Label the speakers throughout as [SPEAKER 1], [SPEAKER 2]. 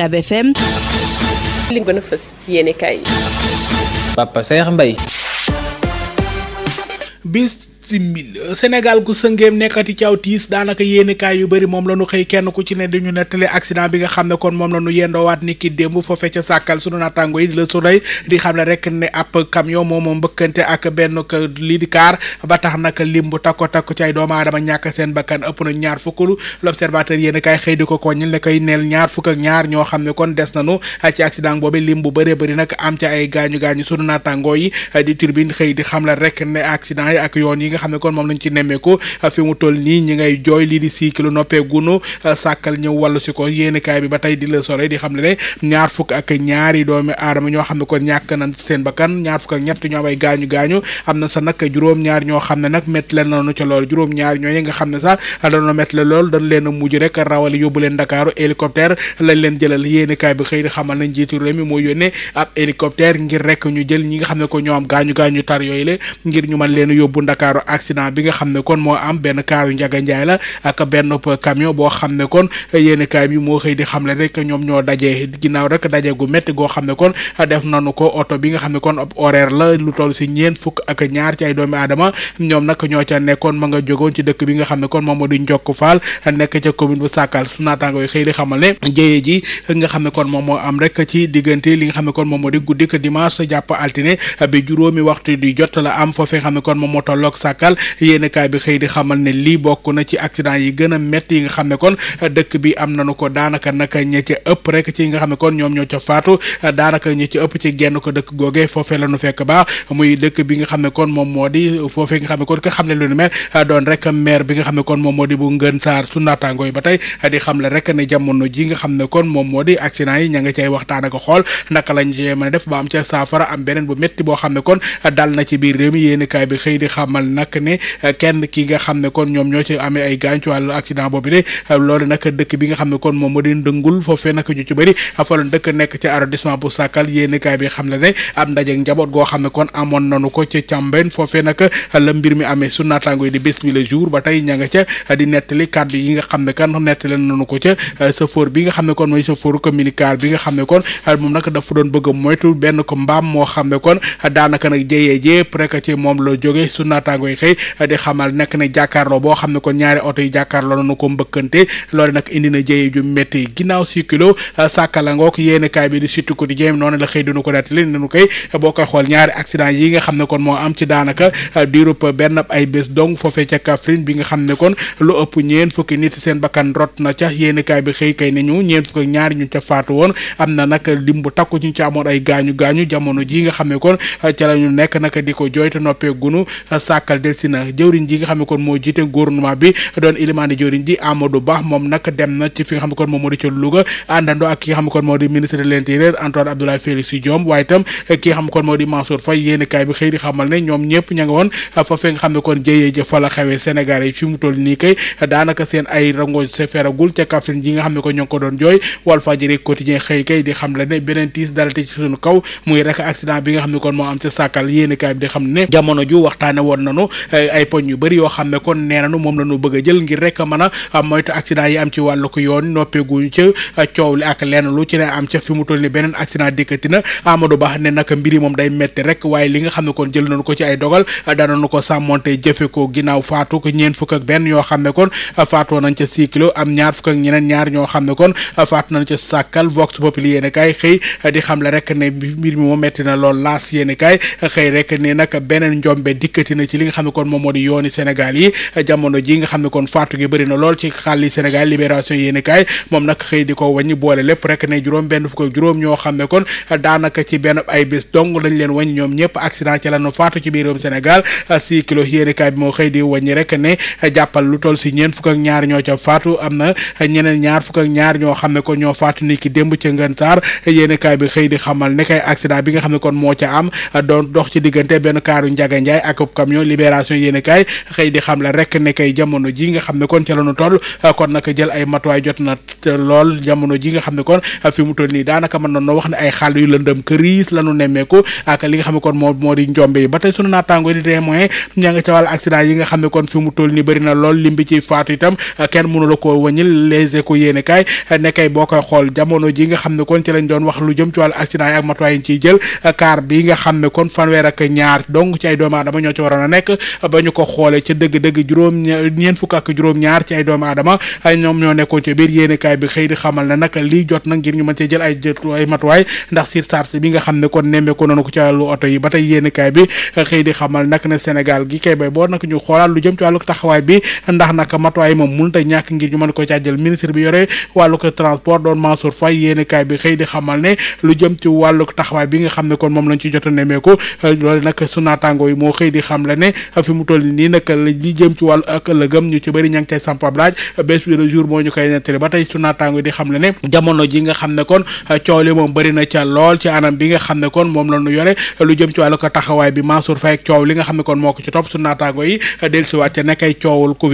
[SPEAKER 1] UCAB FM. li gën a fës ci yéen i Papa Saer Mbaye. bis simili Sénégal gu sëngeem nekkati ci aw tiis daanaka yéenekaay yu bëri moom la ñu xëy kenn ku ci ne dañu nettali accident bi nga xam ne kon moom la ñu yendoowaat ni ki démb foofee ca sàkkal sunu naataango yi di la soleil di xam ne rek ne ab benn lii di kaar ba tax naka lim bu takko takko ci ay doomu aadama ñàkk seen bakkan ëpp na ñaar fukk l'observateur yéenekaay xëy di ko koññil ne koy neel ñaar ñoo xam ne kon des nañu ci accident boobu bu bëree bëri nag am ay gaañu gaañu sunu naataango yi di yi ak yoon yi nga xam ne kon moom lañu ci nemmeeku fi mu toll nii ñi ngay jooy lii di cycle noppee gunu sàkkal ñëw wàllu si ko yéenekaay bi ba tey di la sore di xam ne ñaar fukk ak ñaari doomi aadama ñoo xam ne kon ñàkk nañ seen bakkan ñaar fukk ñett ñoo am gaañu am na sa nag juróom-ñaar ñoo xam ne nag métti leen noonu ca lool juróom-ñaar ñooñu nga xam ne sax dañoo métti la lool dañ leen mujj rek rawale yóbbu leen Dakaaru hélicoptère lañ leen jëlal yéenekaay bi xëy di xamal na jiitu réew mi moo yónnee ab hélicoptère ngir rek ñu jël ñi nga xam ne ko ñoom am gaañu gaañu tar yooyu le ngir ñu mën leen yóbbu Dakaaru wàllu accident bi nga xam ne kon moo am benn kaaru Njaga Njaay la ak benn camion boo xam ne kon yéen kaay bi moo xëy di xam le rek ñoom ñoo daje ginnaaw rek daje gu métti goo xam ne kon def nanu ko oto bi nga xam ne kon ab horaire la lu toll si ñeent fukk ak ñaar ci ay doomi ñoom nag ñoo ca nekkoon ma nga jógoon ci dëkk bi nga xam ne kon Mamadou Ndiokk Fall nekk ca commune bu Sakal su naataango yi xëy di xamal ne jëye ji ne kon moom moo am rek ci diggante li nga xam ne kon moom moo di guddik dimanche jàpp altine bi juróomi waxtu di jot la moo tolloog sa sàkkal yéen kaay bi xëy di xamal ne lii bokk na ci accident yi a métti yi nga xam ne kon dëkk ko daanaka nag ña ca ëpp rek ci nga xam ne ko dëkk googee moo di foofee nga xam ne kon ka xam ne lu nu mel doon rek maire bi nga xam kon moom moo di bu ngën saar su yi ba tey di xam le ne jamono ji nga xam ne kon moom moo di accident yi ña nga cay waxtaan ak xool naka lañ cee mën a def ba am ca saafara am beneen bu métti boo xam kon dal na ci biir réew mi yéen bi xëy di xamal nag ne eh, kenn ki nga xam ne kon ñoom ñoo ci amee ay gaañ ci wàllu accident boobu de eh, loolu nag dëkk bi nga xam ne kon moom moo eh, ba tey ña nga ca di nettali kàddu yi nga xam ne bi nga xam ne kon mooy bi nga xam dafa doon bëgg a moytu benn ko mbaam moo xam ne kon daanaka nag jeyee jee presque ci moom la jóge su koy xëy di xamal nag ne jàkkaarloo boo xam ne kon ñaari oto yi jàkkaarloo noonu ko mbëkkante loolu nag indi na jëye ju métti ginnaaw circulo euh, sàkkala ngook yéen kaay bi di Sud Quotidien noonu la xëy dinu ko nettali nenu koy boo koy xool ñaari accident yi nga xam ne kon moo am ci daanaka euh, diirub benn ay bés dong foofee ca Kaffrine bi nga xam ne kon lu ëpp ñeen fukki nit seen bakkan rot na ca yéen kaay bi xëy kay nañu ñeen fukki ñaari ñu ca faatu woon am na nag lim bu takku ñu ci amoon ay gaañu gaañu jamono ji nga xam ne kon euh, ca nekk nag di ko jooyte noppee gunu sàkkal daal delsi na jëwriñ ji nga xam ne kon moo jiite gouvernement bi doon ilimaani jëwriñ ji Amadou Ba moom nag dem na ci fi nga xam ne kon moom moo di ca Louga moo di ministre de l'intérieur Antoine Abdoulaye Félix Diome waaye itam ki nga kon moo di Mansour kaay bi xëy di xamal ne ñoom ñëpp ña nga woon foofee nga xam ne kon jëyee ja fa la nii kay daanaka seen ay rangoñ se feragul ca Kaffrine nga xam ne ko ño ko doon jooy Walfadjri quotidien xëy kay di xam la ne beneen tiis dalate ci suñu kaw muy rek accident bi nga xam ne kon moo am ca sàkkal yéeni kaay di xam ne jamono ju waxtaane woon nanu ay poñ yu bëri yoo xam ne kon nee nañu moom la ñu bëgg jël ngir rek mën a uh, moytu accident yi am ci wàllu ko yoon noppeeguñu ca uh, coow li ak lenn lu ci ne am ca fi mu toll ni beneen accident dikkati na Amadou Ba ne nag mbiri moom day metti rek waaye li nga xam ne kon jël nañu ko ci ay dogal uh, danañu ko sàmmonte jëfe ko ginnaaw faatu ko ñeen fukk ak benn ñoo xam ne kon faatoo nañ ca six kilo am ñaar fukk ak ñeneen ñaar ñoo xam ne kon faatu nañ ca sàkkal vox populi yéen kaay xëy di xam le rek ne mbir mi moom metti na lool laas yéen kaay xëy rek ne nag beneen njombe dikkati na ci li nga xam ne kon moom moo di yooni Sénégal yi jamono ji nga xam ne kon faatu gi bëri na lool ci xàlli Sénégal libération yéeni kaay moom nag xëy di ko wàññi boole lépp ñoo xam ne kon daanaka ci benn ay bés dong lañ leen wàññi ñoom ñëpp accident na ñeneen ni ki démb ca Saar yéeni kaay bi xëy di xamal ne kay accident bi nga xam kon moo ca am doon dox ci diggante benn kaaru njaga njaay ak camion libéré libération yéen kaay xëy di xam la rek ne kay jamono ji nga xam ne kon ca la ñu toll kon nag jël ay matuwaay jot na lool jamono ji la ñu nemmeeku la koo wëñil les échos yéen kaay doon wax lu jëm ci ak matuwaay yi jël car bi nga xam ne kon fanweer ñaar donc ci ay doomu aadama ñoo ci waroon a nekk ba ñu ko xoolee ca dëgg-dëgg juróom ñeent fukk juróom-ñaar ci ay adama ay ñoom ñoo nekkoon ci biir yéenekaay bi xëy di xamal na nag lii jot nag ngir ñu mën cee jël ay ay matuwaay ndax surcharge bi nga xam ne kon nemmeeku noonu ko ci yi ba tey yéenekaay bi xëy di xamal nag ne Sénégal gi kay bay boo nag ñu xoolaat lu jëm ci wàllu taxawaay bi ndax nag matuwaay moom mënut ñàkk ngir ñu mën ko caa jël ministre bi yore wàllu ko transport doon Mansour Faye bi xëy di xamal ne lu jëm ci wàllu taxawaay bi nga xam ne kon moom lañ ci jot a nemmeeku loole nag su naataango yi moo xëy di xam la ne fi mu toll nii nag li jëm ci wàllu ak ëllëgam ñu ci bëri ña ngi cay samp ab moo ñu koy nettali ba tey su naataango di xam le ne jamono ji nga xam ne kon coow li moom bëri na ca lool ci anam bi nga xam ne kon moom la ñu yore lu jëm ci wàllu ko taxawaay bi Mansour Faye ak coow li nga xam ne kon moo ko ci topp su naataango yi dellusiwaat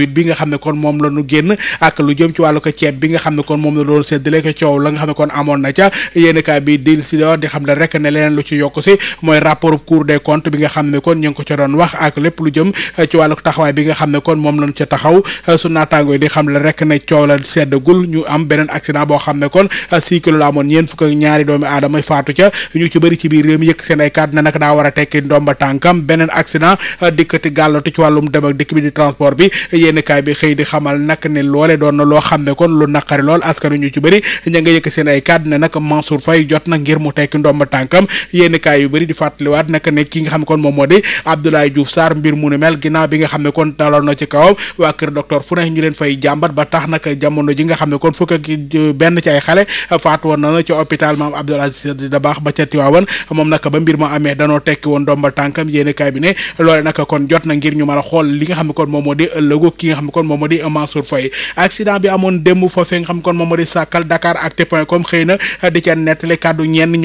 [SPEAKER 1] bi nga xam ne kon moom la nu génn ak lu jëm ci wàllu ko ceeb bi nga xam ne kon moom la doon sedd ko coow la nga xam ne kon amoon na ca yéen kaay bi dellusiwaat di xam le rek ne leneen lu ci yokk si mooy rapport Cour des comptes bi nga xam ne kon ñu ngi ko ca doon wax ak lépp lépp lu jëm eh, ci wàllu taxawaay bi nga xam ne kon moom lañ ca taxaw eh, su naataangoo di xam la rek ne coow la seddagul ñu am beneen accident boo xam ne kon eh, cycle la amoon ñeent fukk ak ñaari doomi aadama faatu ca ñu ci bëri ci biir réew mi yëkk seen ay kàddu ne nag daa war a tekki ndomba tànkam beneen accident dikkati gàllatu ci wàllum dem ak dikk bi di transport bi yénn kaay bi xëy di xamal nag ne loole doon na loo xam ne kon lu naqari lool askan ñu ci bëri ña nga yëkk seen ay kàddu ne nag Mansour Faye na ngir mu tekki ndomba tànkam yénn kaay yu bëri di fàttaliwaat nag ne ki nga xam ne kon moom moo di Abdoulaye Diouf Sarr mbir mu nu mel ginnaaw bi nga xam ne kon daloon na ci kawam waa kër fu ne ñu leen fay jàmbat ba tax nag jamono ji nga xam ne kon fukk ak benn ci ay xale faatu woon na na ci hôpital maam Abdoul Aziz Dabakh ba ca Tiwaawan moom nag ba mbir ma amee danoo tekki woon domba tànkam yéen kaay bi ne loole nag kon jot na ngir ñu mën a xool li nga xam ne kon moom moo ëllëgu ki nga xam ne kon moom moo di Mansour Faye accident bi xëy na di ca nettali kàddu ñenn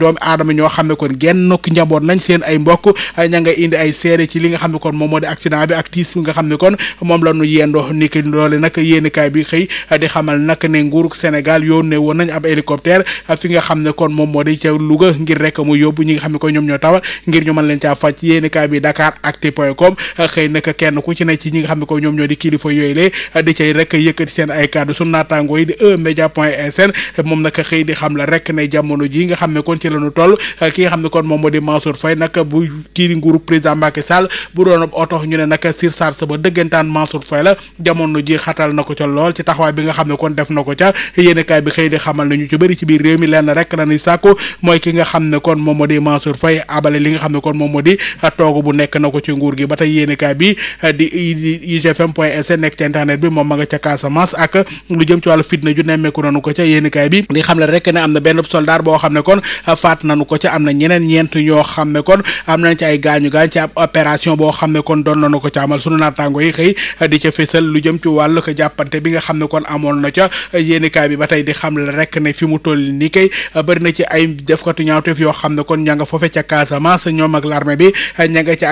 [SPEAKER 1] doomi aadama ñoo xam ne kon genn nokk njaboot nañ seen ay mbokk ña indi ay seere ci li a xam ne kon moom moo di ne kon moom la ñu yendoo ni ki loole nag yéenikaay bi xëy di xamal nag ne nguurug Sénégal yónnee woon nañ ab hélicoptère fi nga xam kon moom moo di ca Louga ngir rek mu yóbbu ñi nga xam ne kon ñoom ñoo tawat ngir ñu mën leen caa faj yéenikaay bi ku ci ne ci ñi nga xam ne kon ñoom ñoo di kilifa yooyu lee di cay rek yëkkati seen ay kàddu su naataangoo yi di eMédia point sn moom nag xëy di xam la rek ne jamono ji nga xam kon ci ci la ñu toll ki nga xam ne kon moom moo di Mansour Faye nag bu kii di nguuru président Macky Sall bu doon oto ñu ne nag surcharge ba dëggantaan Mansour Faye la jamono ji na ko ca lool ci taxawaay bi nga xam ne kon def na ko ca yéenekaay bi xëy di xamal nañu ci bëri ci biir réew mi lenn rek la ñuy sàkku mooy ki nga ne kon moom moo di Mansour Faye li nga xam ne kon moom moo di toogu bu nekk na ko ci nguur gi ba tey yéenekaay bi di igfm point sn nekk ci internet bi moom ma nga ca Casamance ak lu jëm ci wàllu fitna ju nemmeeku noonu ko ca yéenekaay bi di xam le rek ne am na benn soldaar boo xam ne kon faat nañu ko ca am na ñeneen ñeent ñoo xam ne kon am nañ ca ay gaañu gaañ ca ab opération boo xam ne kon doon nañu ko ca amal sunu naataango yi xëy di ca fésal lu jëm ci wàllu jàppante bi nga xam ne kon amoon na ca yéenikaay bi ba tey di xam la rek ne fi mu toll nii kay bëri na ci ay defkatu ñaawteef yoo xam ne kon ña nga foofe ca Casamance ñoom ak l'armée nga ci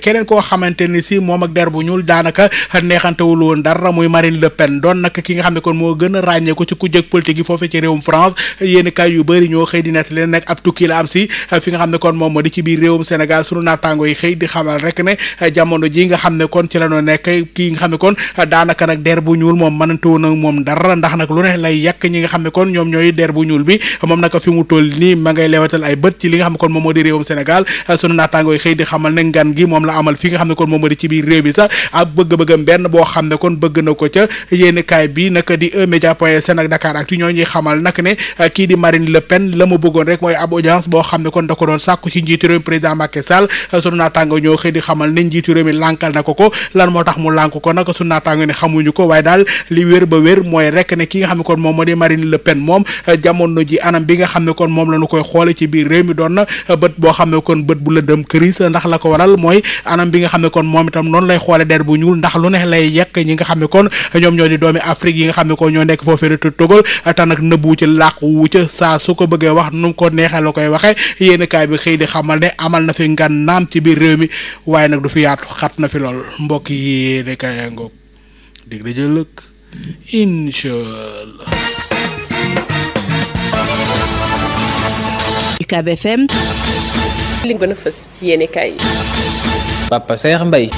[SPEAKER 1] keneen koo xamante ni si moom ak der bu ñuul daanaka neexantewul woon dara muy Marine Le doon nag ki nga xam ne kon moo gën a ràññee ko ci kujjëg politique yi foofe ci réewum France yéenikaay yu bëri ñoo xëy di nett leen nag nag ab tukki la am si eh, fi nga xam ne kon moom moo di ci biir réewum Sénégal sunu naataango yi xëy di xamal rek ne eh, jamono ji nga xam ne kon ci la noo nekk kii nga xam ne kon eh, daanaka nag der bu ñuul moom mënantewu na moom dara ndax nag lu ne lay yàq nga xam ne kon ñoom ñooy der bu ñuul bi fi mu toll nii ma ngay lewatal ay bët ci li nga xam kon moom moo di réewum Sénégal sunu naataango yi xëy di xamal ne ngan gi moom la amal xam ne kon moom moo di ci biir réew bi sax ab bëgg-bëggam benn boo xam ne kon bëgg na ko ca yéeni kaay bi nag di eMédia point sn ak Dakar Actu ñoo ñuy xamal nag ne kii di Marine Le Pen la mu bëggoon rek mooy mooy ab audience boo xam ne kon da ko doon sàkku ci njiitu mi président Macky Sall sunu ne njiitu nëbbu ci làqu wu saa su ko bëggee wax nu ko neexee la koy waxee yéen bi xëy di xamal ne amal na fi ngan naam ci biir réew mi waaye nag du fi yaatu xat na fi lool mbokk yi yéen kaay yaa ngoog dig daje lëkk inchaallah UCAB FM li gën a fës ci yéen kaay yi Papa Saer Mbaye